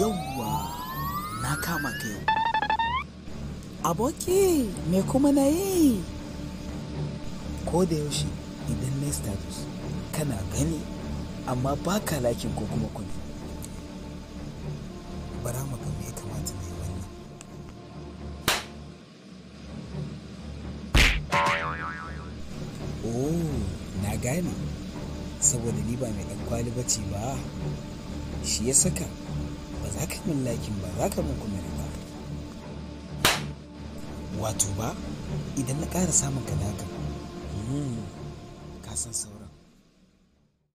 yauwa na kama ka yau aboki me kuma na yi ko da yaushe idan na status kana gani amma ba ka lakin ko kuma kudi bara mu ga me kamata yi wannan oh na gane saboda ni ba mai dan kwali ba shi ya saka za ka min lakin ba za ka min kumiri ba wato ba idan na ƙara samun ka da hmm, ka san sauran